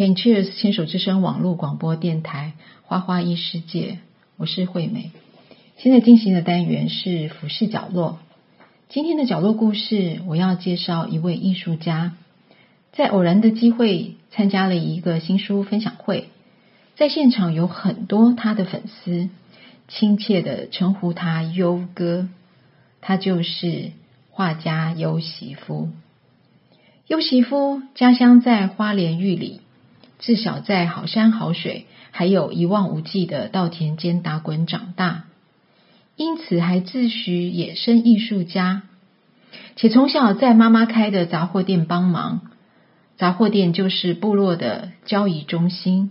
CanCheers 牽手之聲網絡廣播電台花花異世界，我是惠美。現在進行的單元是浮世角落。今天的角落故事，我要介紹一位藝術家。在偶然的機會，參加了一個新書分享會，在現場有很多他的粉絲，親切地稱呼他“優哥”。他就是畫家優席夫。優席夫家鄉在花蓮玉里。自小在好山好水，還有一望無際的稻田間打滾長大，因此還自詡野生藝術家。且從小在媽媽開的雜貨店幫忙，雜貨店就是部落的交易中心，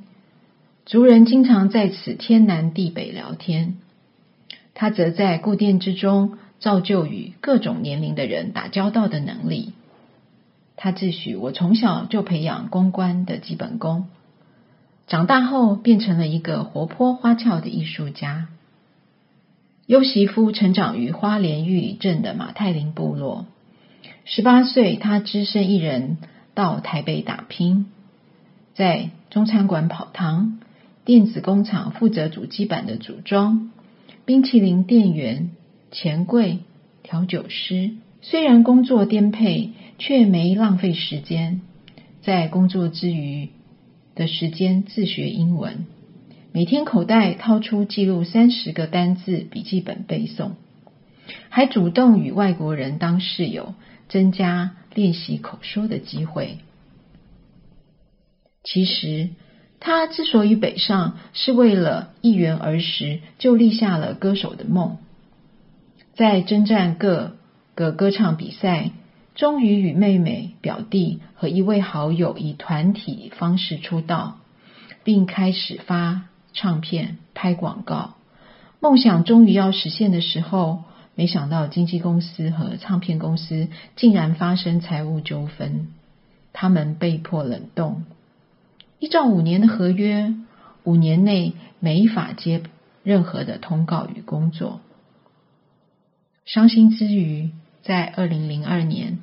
族人經常在此天南地北聊天。他則在顧店之中，造就與各種年齡的人打交道的能力。他自詡我從小就培養公關的基本功，長大後變成了一個活潑花俏的藝術家。優席夫成長於花蓮玉里鎮的馬太林部落，十八歲他只身一人到台北打拼，在中餐館跑堂、電子工廠負責主機板的組裝、冰淇淋店員、錢櫃調酒師。雖然工作顛沛，卻沒浪費時間。在工作之餘的時間自學英文，每天口袋掏出記錄三十個單字筆記本背誦，還主動與外國人當室友，增加練習口說的機會。其實他之所以北上，是為了圓兒時就立下了歌手的夢，在征戰各個歌唱比賽，終於與妹妹、表弟和一位好友以團體方式出道，並開始發唱片、拍廣告。夢想終於要實現的時候，沒想到經紀公司和唱片公司竟然發生財務糾紛，他們被迫冷凍。依照五年的合約，五年內沒法接任何的通告與工作。傷心之餘。在二零零二年，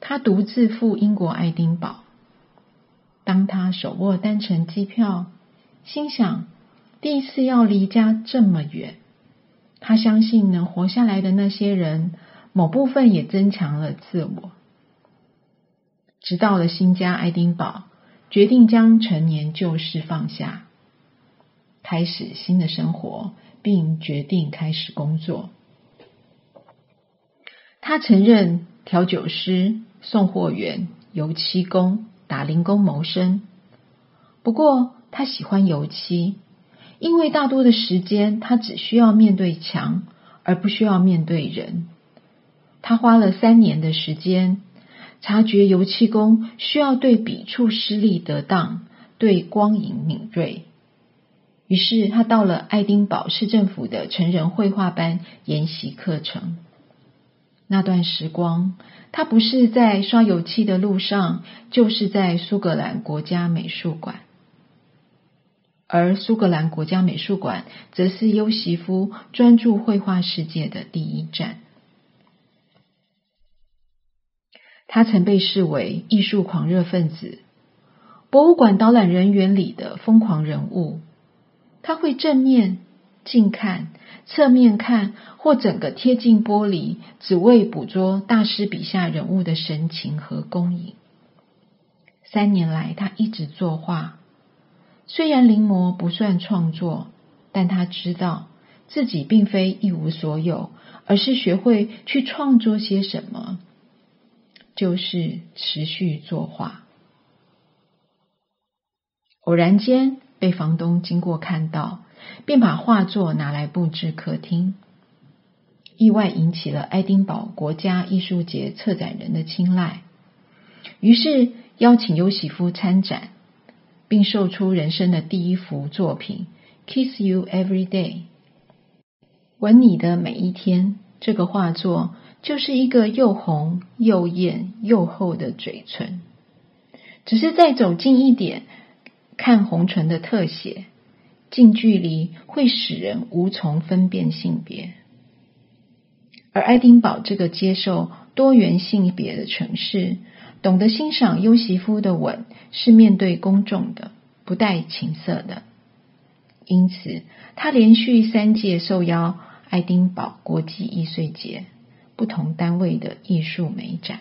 他獨自赴英國愛丁堡。當他手握單程機票，心想第一次要離家這麼遠，他相信能活下來的那些人，某部分也增強了自我。直到了新家愛丁堡，決定將陳年舊事放下，開始新的生活，並決定開始工作。他曾任調酒師、送貨員、油漆工、打零工謀生。不過，他喜歡油漆，因為大多的時間他只需要面對牆，而不需要面對人。他花了三年的時間，察覺油漆工需要對筆觸施力得當，對光影敏銳。於是，他到了愛丁堡市政府的成人繪畫班研習課程。那段時光，他不是在刷油漆的路上，就是在蘇格蘭國家美術館。而蘇格蘭國家美術館，則是優席夫專注繪畫世界的第一站。他曾被視為藝術狂熱分子，博物館導覽人員裡的瘋狂人物。他會正面。近看、側面看或整個貼近玻璃，只為捕捉大師筆下人物的神情和光影。三年來，他一直作畫。雖然臨摹不算創作，但他知道自己並非一無所有，而是學會去創作些什麼，就是持續作畫。偶然間被房東經過看到，便把畫作拿來布置客廳，意外引起了愛丁堡國家藝術節策展人的青睞，於是邀請優席夫參展，並售出人生的第一幅作品《Kiss You Every Day》，吻你的每一天。這個畫作就是一個又紅又豔又厚的嘴唇，只是再走近一點看紅唇的特寫。近距離會使人無從分辨性別，而愛丁堡這個接受多元性別的城市，懂得欣賞優席夫的吻，是面對公眾的，不帶情色的。因此，他連續三屆受邀愛丁堡國際藝術節不同單位的藝術美展。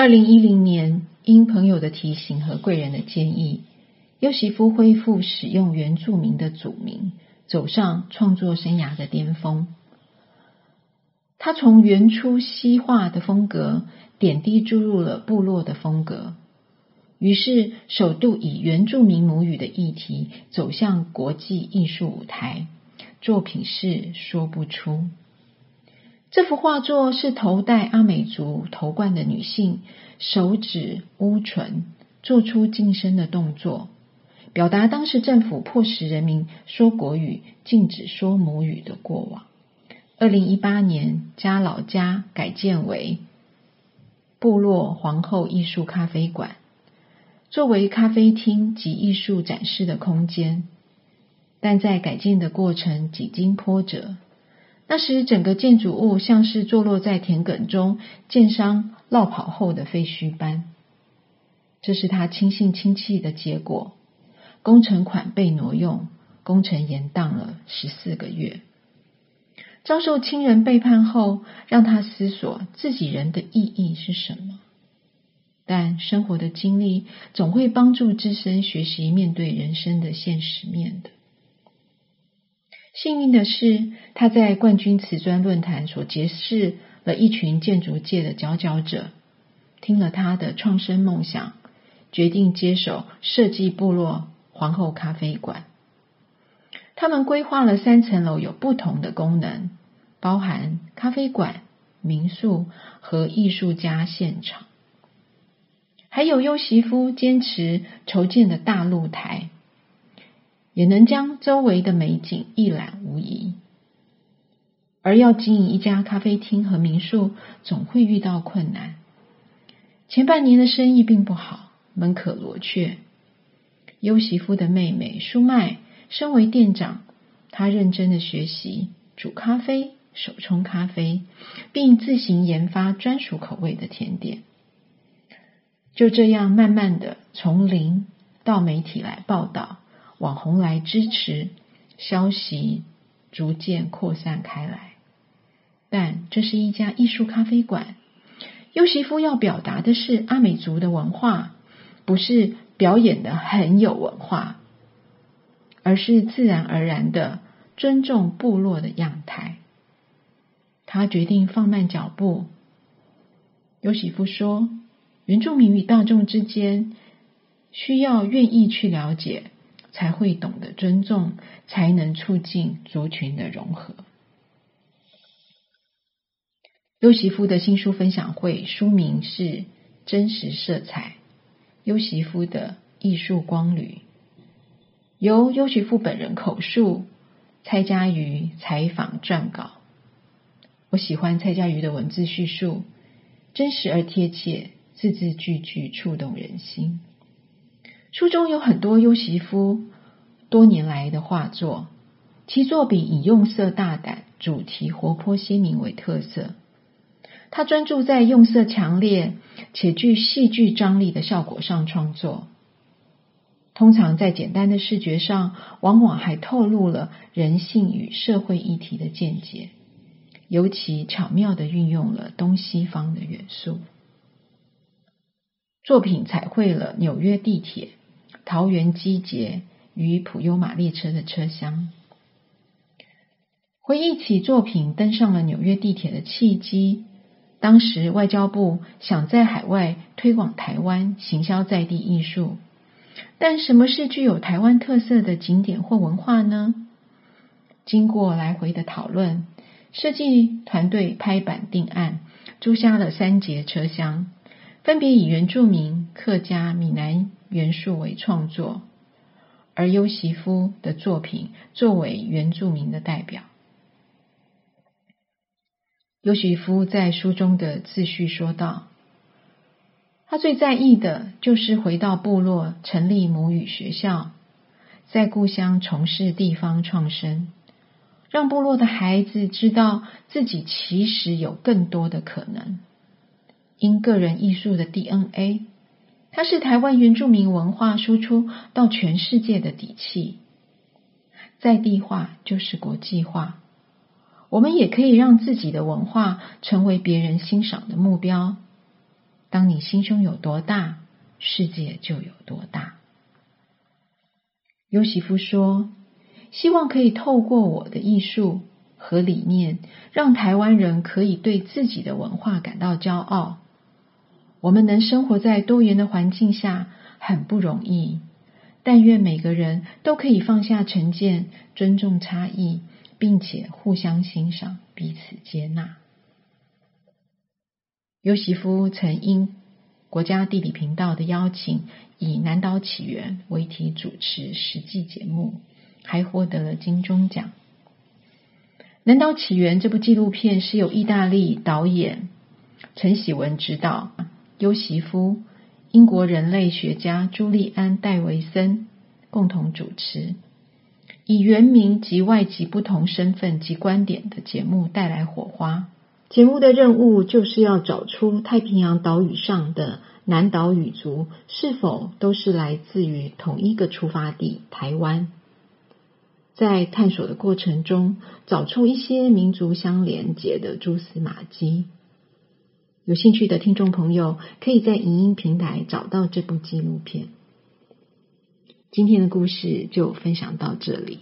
二零一零年，因朋友的提醒和貴人的建議，優席夫恢復使用原住民的族名，走上創作生涯的巔峰。他從原初西畫的風格點滴注入了部落的風格，於是首度以原住民母語的議題走向國際藝術舞台。作品是說不出。這幅畫作是頭戴阿美族頭冠的女性，手指摀唇，做出噤聲的動作，表達當時政府迫使人民說國語、禁止說母語的過往。二零一八年，將老家改建為部落皇后藝術咖啡館，作為咖啡廳及藝術展示的空間，但在改建的過程幾經波折。那時，整個建築物像是坐落在田埂中，建商落跑後的廢墟般。這是他輕信親戚的結果，工程款被挪用，工程延宕了十四個月。遭受親人背叛後，讓他思索自己人的意義是什麼。但生活的經歷總會幫助自身學習面對人生的現實面的。幸運的是，他在冠軍瓷磚論壇所結識了一群建築界的佼佼者，聽了他的創生夢想，決定接手設計部落皇后咖啡館。他們規劃了三層樓有不同的功能，包含咖啡館、民宿和藝術家現場，還有優席夫堅持籌建的大露台。也能將周圍的美景一覽無遺。而要經營一家咖啡廳和民宿，總會遇到困難。前半年的生意並不好，門可羅雀。優席夫的妹妹舒麥身為店長，她認真的學習煮咖啡、手沖咖啡，並自行研發專屬口味的甜點。就這樣，慢慢的從零到媒體來報道。網紅來支持，消息逐漸擴散開來。但這是一家藝術咖啡館。優席夫要表達的是阿美族的文化，不是表演的很有文化，而是自然而然的尊重部落的樣態。他決定放慢腳步。優席夫說：“原住民與大眾之間需要願意去了解。”才會懂得尊重，才能促進族群的融合。優席夫的新書分享會書名是《真實色彩》，優席夫的藝術光旅，由優席夫本人口述，蔡家妤採訪撰稿。我喜歡蔡家妤的文字敘述，真實而貼切，字字句句觸動人心。書中有很多優席夫多年來的畫作，其作品以用色大膽、主題活潑鮮明為特色。他專注在用色強烈且具戲劇張力的效果上創作，通常在簡單的視覺上，往往還透露了人性與社會議題的見解，尤其巧妙地運用了東西方的元素。作品彩繪了紐約地鐵。桃園機捷與普悠瑪列車的車廂，回憶起作品登上了紐約地鐵的契機。當時外交部想在海外推廣台灣行銷在地藝術，但什麼是具有台灣特色的景點或文化呢？經過來回的討論，設計團隊拍板定案，租下了三節車廂，分別以原住民、客家、閩南。元素為創作，而優席夫的作品作為原住民的代表。優席夫在書中的自序說道：“他最在意的就是回到部落，成立母語學校，在故鄉從事地方創生，讓部落的孩子知道自己其實有更多的可能，因個人藝術的 DNA。”它是台灣原住民文化輸出到全世界的底氣，在地化就是國際化。我們也可以讓自己的文化成為別人欣賞的目標。當你心胸有多大，世界就有多大。優席夫說：“希望可以透過我的藝術和理念，讓台灣人可以對自己的文化感到驕傲。”我們能生活在多元的環境下，很不容易。但願每個人都可以放下成見，尊重差異，並且互相欣賞、彼此接納。優席夫曾應國家地理頻道的邀請，以《南島起源》為題主持實際節目，還獲得了金鐘獎。《南島起源》這部紀錄片是由意大利導演陳喜文執導。優席夫、英國人類學家朱利安·戴維森共同主持，以原名及外籍不同身份及觀點的節目帶來火花。節目的任務就是要找出太平洋島嶼上的南島語族是否都是來自於同一個出發地——台灣。在探索的過程中，找出一些民族相連結的蛛絲馬跡。有興趣的聽眾朋友，可以在影音平台找到這部紀錄片。今天的故事就分享到這裡。